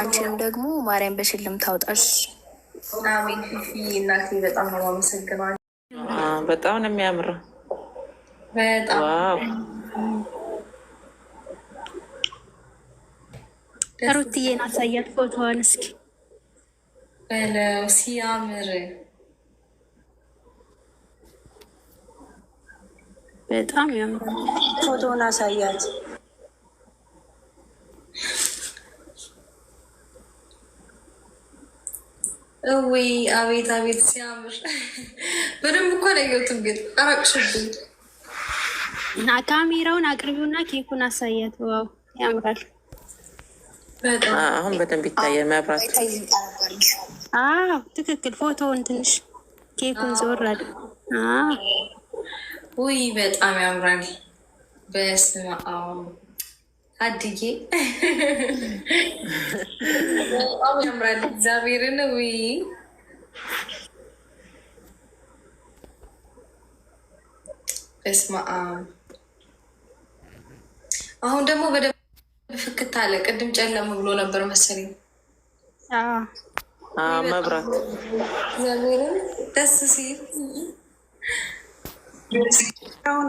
አንቺንም ደግሞ ማርያም በሽልም ታውጣሽ። በጣም ነው የሚያምረው። በጣም ሩትዬን አሳያት ፎቶዋን እስኪ ሲያምር በጣም ያምራል። ፎቶውን አሳያት። እውይ አቤት አቤት ሲያምር በደንብ እኮ ለየውትም፣ ግን አራቅሽብኝ። ካሜራውን አቅርቢውና ኬኩን አሳያት። ዋው ያምራል። አሁን በደንብ ይታያል መብራቱ። አዎ ትክክል። ፎቶውን ትንሽ ኬኩን ዞር አለ። ውይ በጣም ያምራል። በስመ አብ አድዬ በጣም ያምራል። እግዚአብሔርን ውይ እስማ አሁን ደግሞ በደንብ ፍክት አለ። ቅድም ጨለም ብሎ ነበር መሰለኝ መብራት። እግዚአብሔርን ደስ ሲል አሁን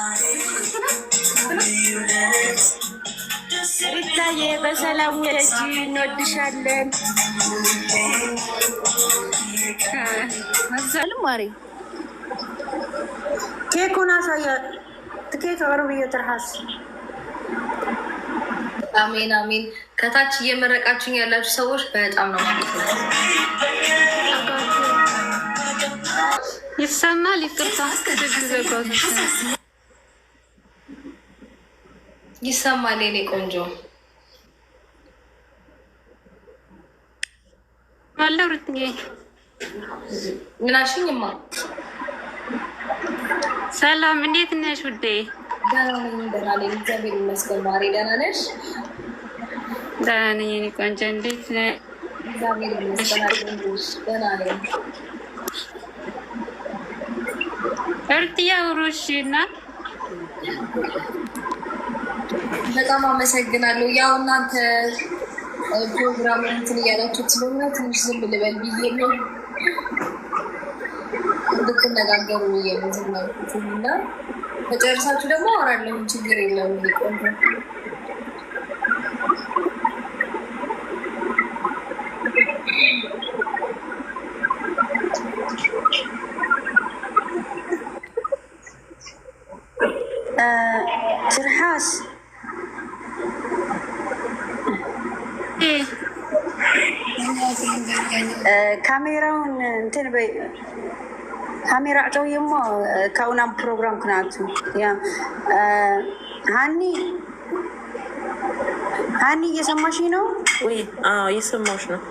ሩታዬ በሰላም ወለጂ፣ እንወድሻለን። አዛልም ማሪ ኬኩን አሳያ ትኬት ኦሮምዮ ትርሃስ አሜን አሜን። ከታች እየመረቃችሁኝ ያላችሁ ሰዎች በጣም ነው ማለት ነው። ይሰማል። ይቅርታ ይሰማል። የኔ ቆንጆ አለው ርትዬ ምናሽኝ ሰላም፣ እንዴት ነሽ ውዴ? ደህና ነኝ፣ ደህና ነኝ፣ እግዚአብሔር ይመስገን። ማሬ ደህና ነሽ? ደህና ነኝ የእኔ ቆንጆ፣ እንዴት እግዚአብሔር ይመስገን፣ ደህና ነኝ። እርትዬ አውሮሽ እና በጣም አመሰግናለሁ። ያው እናንተ ፕሮግራም እንትን እያላችሁ ስለሆነ ትንሽ ዝም ልበል ብዬ ነው እንድትነጋገሩ የምትናኩትና መጨረሳችሁ ደግሞ አወራለሁ። ችግር የለም ቆንጆ ካሜራውን እንትን በይ ካሜራ ጨው የሞ ፕሮግራም ክናቱ ሀኒ ሀኒ እየሰማሽ ነው? እየሰማሽ ነው።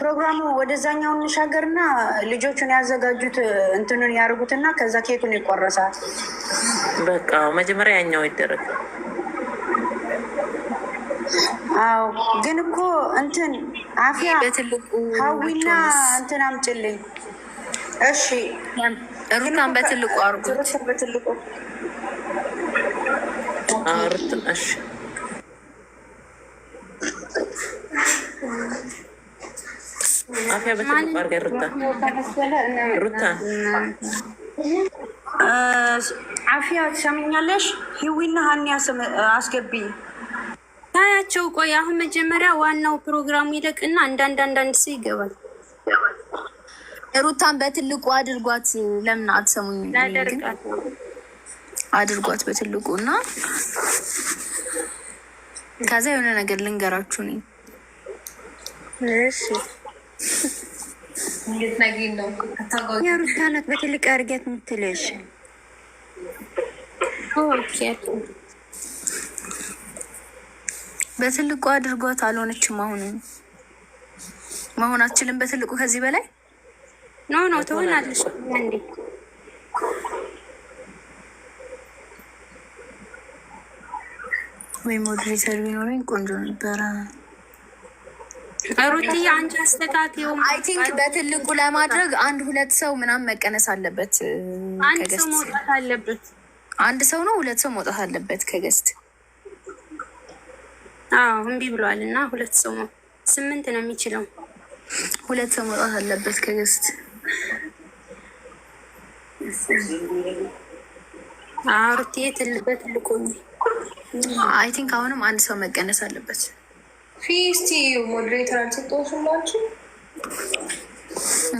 ፕሮግራሙ ወደዛኛው እንሻገርና ልጆቹን ያዘጋጁት እንትኑን ያደርጉትና ከዛ ኬኩን ይቆረሳል። በቃ መጀመሪያ ያኛው ይደረግ። አዎ ግን እኮ እንትን አፍያ ሀዊና እንትን አምጭልኝ። እሺ ሩታን በትልቁ አርጉት። አፍያ በትልቁ አርጋ ሩታ አፍያ ትሰሚኛለሽ? ሂዊና ሀኒ አስገቢ ታያቸው። ቆይ አሁን መጀመሪያ ዋናው ፕሮግራሙ ይለቅና አንዳንድ አንዳንድ ሰው ይገባል። ሩታን በትልቁ አድርጓት። ለምን አትሰሙኝ? አድርጓት በትልቁ እና ከዛ የሆነ ነገር ልንገራችሁ ነኝ። የሩታናት በትልቅ አድርጌት የምትልሽ በትልቁ አድርጓት አልሆነችም። አሁን መሆን አትችልም በትልቁ ከዚህ በላይ ኖ ኖ ትሆናለች። እንዴ? ወይ ሞዴሬተር ቢኖረኝ ቆንጆ ነበረ። ሩቲ አንቺ አስተካክይው። አይ ቲንክ በትልቁ ለማድረግ አንድ ሁለት ሰው ምናምን መቀነስ አለበት። አንድ ሰው መውጣት አለበት። አንድ ሰው ነው ሁለት ሰው መውጣት አለበት ከገስት አዎ እምቢ ብሏል እና ሁለት ሰው ስምንት ነው የሚችለው። ሁለት ሰው መውጣት አለበት ከገስት አሩቴ ትልበት ልቆኝ አይ ቲንክ አሁንም አንድ ሰው መቀነስ አለበት። ፊስቲ ሞዴሬተር አልሰጠሽላችሁ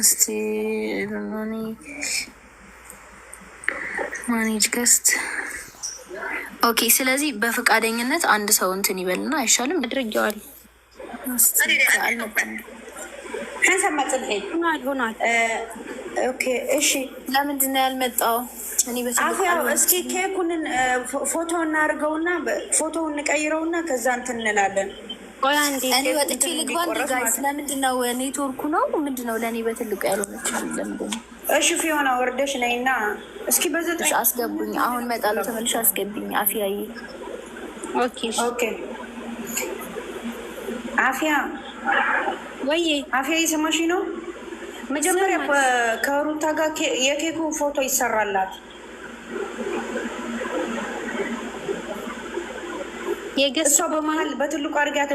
እስቲ ማኔጅ ገስት ኦኬ። ስለዚህ በፈቃደኝነት አንድ ሰው እንትን ይበልና አይሻልም? አድርጌዋል እሺ ለምንድን ነው ያልመጣው? እስኪ ኬኩን ፎቶ እናድርገውና ፎቶ እንቀይረውና ከዛ እንትን እንላለን። እኔ ወጥቼ ልግባ። ለምንድን ነው ኔትወርኩ ነው ምንድን ነው? ለእኔ በትልቁ ያልሆነች ለምንድን ነው? እሺ ፊሆና ወርደሽ ነይና እስኪ በዘጠኝ አስገቡኝ። አሁን እመጣለሁ። ተመልሼ አስገብኝ። አፍያዬ ኦኬ። አፊያ ወይ አፊያ የሰማሽ ነው። መጀመሪያ ከሩታ ጋር የኬኩ ፎቶ ይሰራላት። እሷ በመሀል በትልቁ አድርጊያት።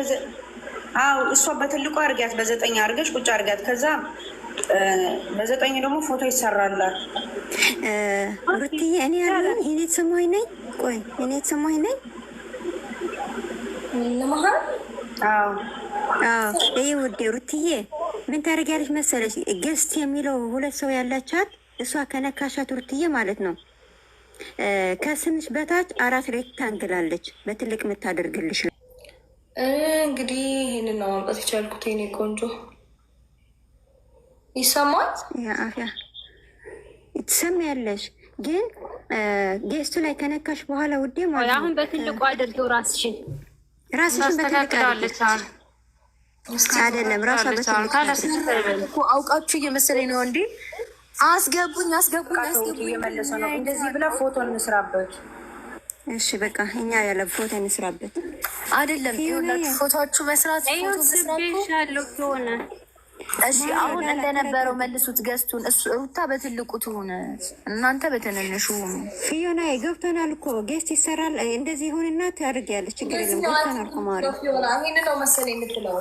አዎ እሷ በትልቁ አድርጊያት፣ በዘጠኝ አድርገሽ ቁጭ አድርጊያት። ከዛ በዘጠኝ ደግሞ ፎቶ ይሰራላት። ሩትዬ እኔ ያለኝ እኔ ስሞኝ ነኝ። ቆይ እኔ ስሞኝ ነኝ። ይህ ውዴ ሩትዬ ምን ታደርጊያለሽ መሰለች ገስት የሚለው ሁለት ሰው ያላቻት እሷ ከነካሻት ሩትዬ ማለት ነው ከስምሽ በታች አራት ሬክታንግላለች በትልቅ የምታደርግልሽ እንግዲህ ይህንን ነው ማምጣት የቻልኩት የኔ ቆንጆ ይሰማል። ትሰሚያለሽ ግን ጌስቱ ላይ ከነካሽ በኋላ ውዴ ማለት አሁን በትልቁ አድርገው ራስሽን ራስሽን በትልቅ አይደለም ራሷ በትልቅ አውቃችሁ እየመሰለኝ ነው እንዴ አስገቡኝ አስገቡኝ አስገቡኝ እየመለሰ ነው እንደዚህ ብላ ፎቶ እንስራበት እሺ በቃ እኛ ያለ ፎቶ እንስራበት አይደለም ፎቶቹ መስራት ፎቶ መስራት እሺ አሁን እንደነበረው መልሱት። ገዝቱን እሱ ሩታ በትልቁ ትሁን፣ እናንተ በትንንሹ ፊዮና ገብተናል እኮ ጌስት ይሰራል። እንደዚህ ይሁንና ያለ ችግር የለም ገብተናል እኮ ማለት ነው መሰል የምትለው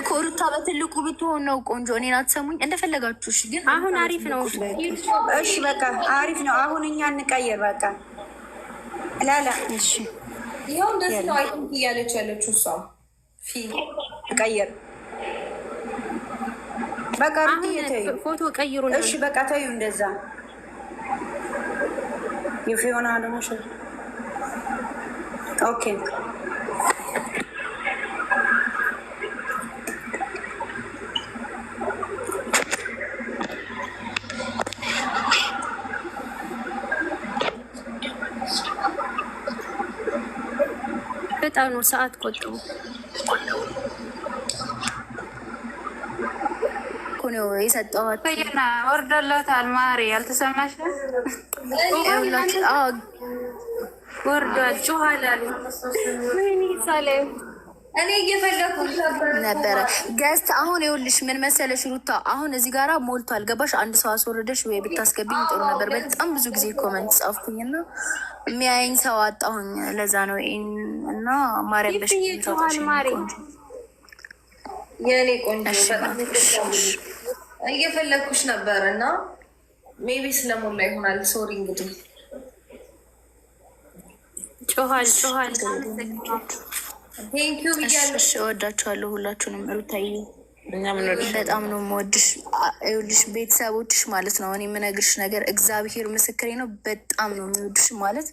እኮ ሩታ በትልቁ ብትሆን ነው ቆንጆ። እኔን አትሰሙኝ እንደፈለጋችሁ። እሺ ግን አሁን አሪፍ ነው። እሺ በቃ አሪፍ ነው። አሁን እኛ እንቀየር በቃ ላላ። እሺ ይኸው እንደዚህ ነው አይ እያለች ያለችው እሷ ቀየር በቃ ፎቶ ቀይሩ። እሺ በቃ ተዩ እንደዛ የሆነ ደግሞ ኦኬ በጣም ነው ሰዓት ቆጥቡ። ነው የሰጠኋት። ወርዶላታል። ማሪ አልተሰማሽ? ወርዷል። ጩኋላል። እኔ እየፈለኩ ነበረ ገስት። አሁን ይኸውልሽ ምን መሰለሽ ሩታ፣ አሁን እዚህ ጋራ ሞልቷል። ገባሽ? አንድ ሰው አስወረደሽ ወይ ብታስገብኝ ጥሩ ነበር። በጣም ብዙ ጊዜ ኮመንት ጻፍኩኝ እና የሚያየኝ ሰው አጣሁኝ። ለዛ ነው እና ማርያም በሽ ማሪ የኔ ቆንጆ እየፈለግኩሽ ነበር እና ሜቢ ስለሞላ ይሆናል። ሶሪ እንግዲህ ጮኋል ጮኋል። ቴንኪዩ ብያለሽ። እወዳችኋለሁ ሁላችሁንም። ሩታዬ በጣም ነው የምወድሽ። ይኸውልሽ ቤተሰቦችሽ ማለት ነው። እኔ የምነግርሽ ነገር እግዚአብሔር ምስክሬ ነው። በጣም ነው የሚወድሽ ማለት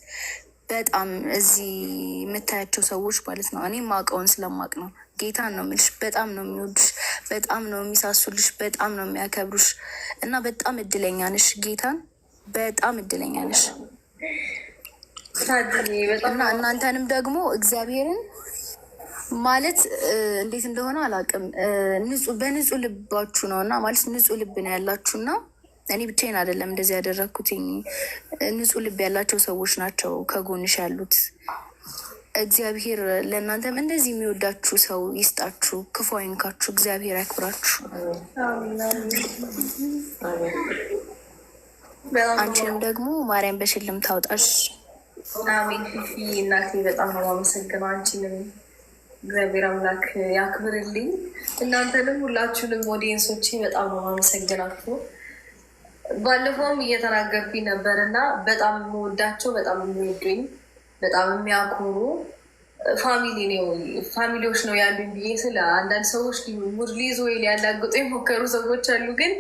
በጣም እዚህ የምታያቸው ሰዎች ማለት ነው። እኔ ማውቀውን ስለማውቅ ነው ጌታን ነው የሚልሽ። በጣም ነው የሚወዱሽ በጣም ነው የሚሳሱልሽ፣ በጣም ነው የሚያከብሩሽ እና በጣም እድለኛ ነሽ። ጌታን በጣም እድለኛ ነሽ እና እናንተንም ደግሞ እግዚአብሔርን ማለት እንዴት እንደሆነ አላውቅም። በንጹህ ልባችሁ ነው እና ማለት ንጹህ ልብ ነው ያላችሁ እና እኔ ብቻዬን አይደለም እንደዚህ ያደረግኩትኝ። ንጹህ ልብ ያላቸው ሰዎች ናቸው ከጎንሽ ያሉት። እግዚአብሔር ለእናንተም እንደዚህ የሚወዳችሁ ሰው ይስጣችሁ፣ ክፉ አይንካችሁ፣ እግዚአብሔር ያክብራችሁ። አንቺንም ደግሞ ማርያም በሽልም ታውጣሽ። አሜን። ፊፊ እናቴ በጣም ነው አመሰግነው። አንቺንም እግዚአብሔር አምላክ ያክብርልኝ። እናንተንም ሁላችሁንም ኦዲየንሶቼ በጣም ነው የማመሰግናችሁ። ባለፈውም እየተናገርኩኝ ነበር እና በጣም የምወዳቸው በጣም የሚወዱኝ በጣም የሚያኮሩ ፋሚሊ ነው ፋሚሊዎች ነው ያሉኝ ብዬ ስለ አንዳንድ ሰዎች ሙድ ሊይዙ ወይ ሊያላግጡ የሞከሩ ሰዎች አሉ። ግን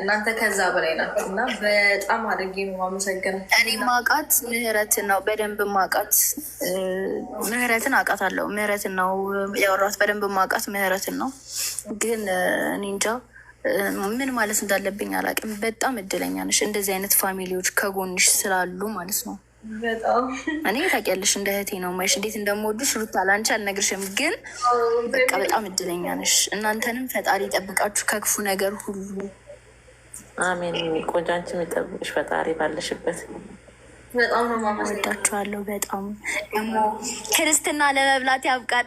እናንተ ከዛ በላይ ናችሁ እና በጣም አድርጌ ነው የማመሰግናት። እኔ ማቃት ምህረትን ነው በደንብ ማቃት ምህረትን አቃት አለው ምህረትን ነው ያወራት በደንብ ማቃት ምህረትን ነው። ግን እኔ እንጃ ምን ማለት እንዳለብኝ አላውቅም። በጣም እድለኛ ነሽ እንደዚህ አይነት ፋሚሊዎች ከጎንሽ ስላሉ ማለት ነው። እኔ ታውቂያለሽ እንደ እህቴ ነው የማይሽ፣ እንዴት እንደምወድሽ ሩታ ላንቺ አልነግርሽም፣ ግን በቃ በጣም እድለኛ ነሽ። እናንተንም ፈጣሪ ይጠብቃችሁ ከክፉ ነገር ሁሉ አሜን። ቆንጆ አንቺ የሚጠብቅሽ ፈጣሪ ባለሽበት። በጣም ነው እወዳችኋለሁ። በጣም ደግሞ ክርስትና ለመብላት ያብቃል።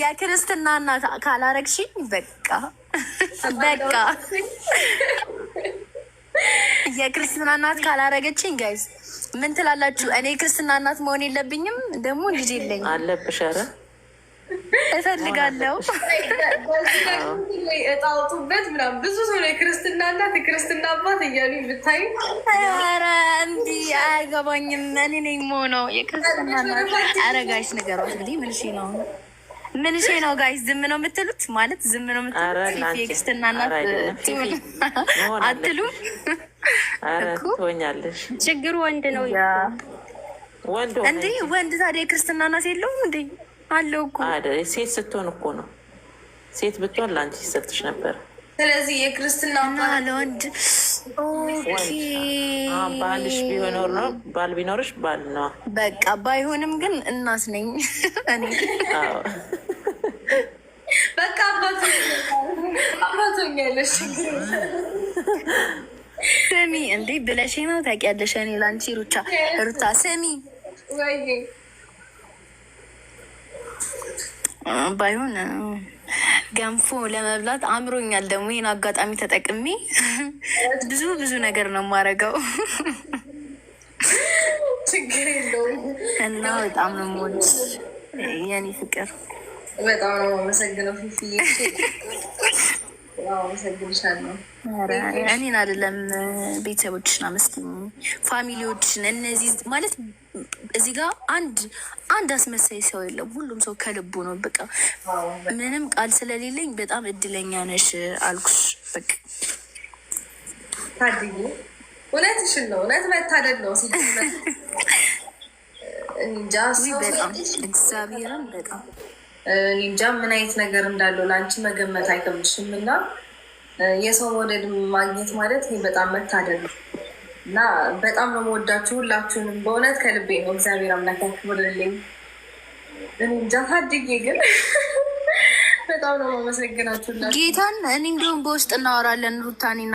የክርስትና እናት ካላረግሽኝ በቃ በቃ የክርስትና እናት ካላረገችኝ፣ ጋይዝ ምን ትላላችሁ? እኔ ክርስትና እናት መሆን የለብኝም? ደግሞ ልጅ የለኝ አለብሽ። ኧረ እፈልጋለሁ። እጣውጡበት ምናምን ብዙ ሰው ላይ የክርስትና እናት፣ ክርስትና አባት እያሉ ብታይ፣ ኧረ እንዲ አያገባኝም። እኔ ነኝ መሆነው የክርስትና እናት። ኧረ ጋይስ ንገሯት እንግዲህ ምን ነው ምን ሽ ነው ጋይ ዝም ነው የምትሉት? ማለት ዝም ነው የምትሉት? ኤክስትና እናት አትሉም ችግሩ ወንድ ነው እንዴ? ወንድ ታዲያ የክርስትና እናት የለውም እንዴ? አለው እኮ ሴት ስትሆን እኮ ነው። ሴት ብትሆን ለአንቺ ይሰጥሽ ነበር። ስለዚህ የክርስትና ለወንድ ባልሽ ቢሆኖር ነው ባል ቢኖርሽ ባል ነው በቃ ባይሆንም ግን እናት ነኝ እኔ በቃ አባቱ አባቶኛለሽ ስሚ እንዴ ብለሽ ነው ታውቂያለሽ እኔ ለአንቺ ሩቻ ሩታ ስሚ ባይሆን ገንፎ ለመብላት አምሮኛል። ደግሞ ይህን አጋጣሚ ተጠቅሜ ብዙ ብዙ ነገር ነው የማደርገው እና በጣም ነው የምወድሽ የኔ ፍቅር። በጣም ነው የማመሰግነው ፊፍዬ። እኔን አይደለም ቤተሰቦችሽን አመስግኝ፣ ፋሚሊዎችሽን። እነዚህ ማለት እዚህ ጋር አንድ አንድ አስመሳይ ሰው የለም። ሁሉም ሰው ከልቡ ነው። በቃ ምንም ቃል ስለሌለኝ በጣም እድለኛ ነሽ አልኩሽ። በቃ ታድዬ እውነትሽን ነው። እውነት መታደል ነው። በጣም እግዚአብሔርን በጣም እንጃ ምን አይነት ነገር እንዳለው ለአንቺ መገመት አይከብድሽም። እና የሰው መውደድ ማግኘት ማለት ይህ በጣም መታደል ነው። እና በጣም ነው መወዳችሁ ሁላችሁንም በእውነት ከልቤ ነው። እግዚአብሔር አምላክ ያክብርልኝ። እንጃ ታድጌ ግን በጣም ነው መመሰግናችሁ ጌታን። እኔ እንዲሁም በውስጥ እናወራለን ሩታኔ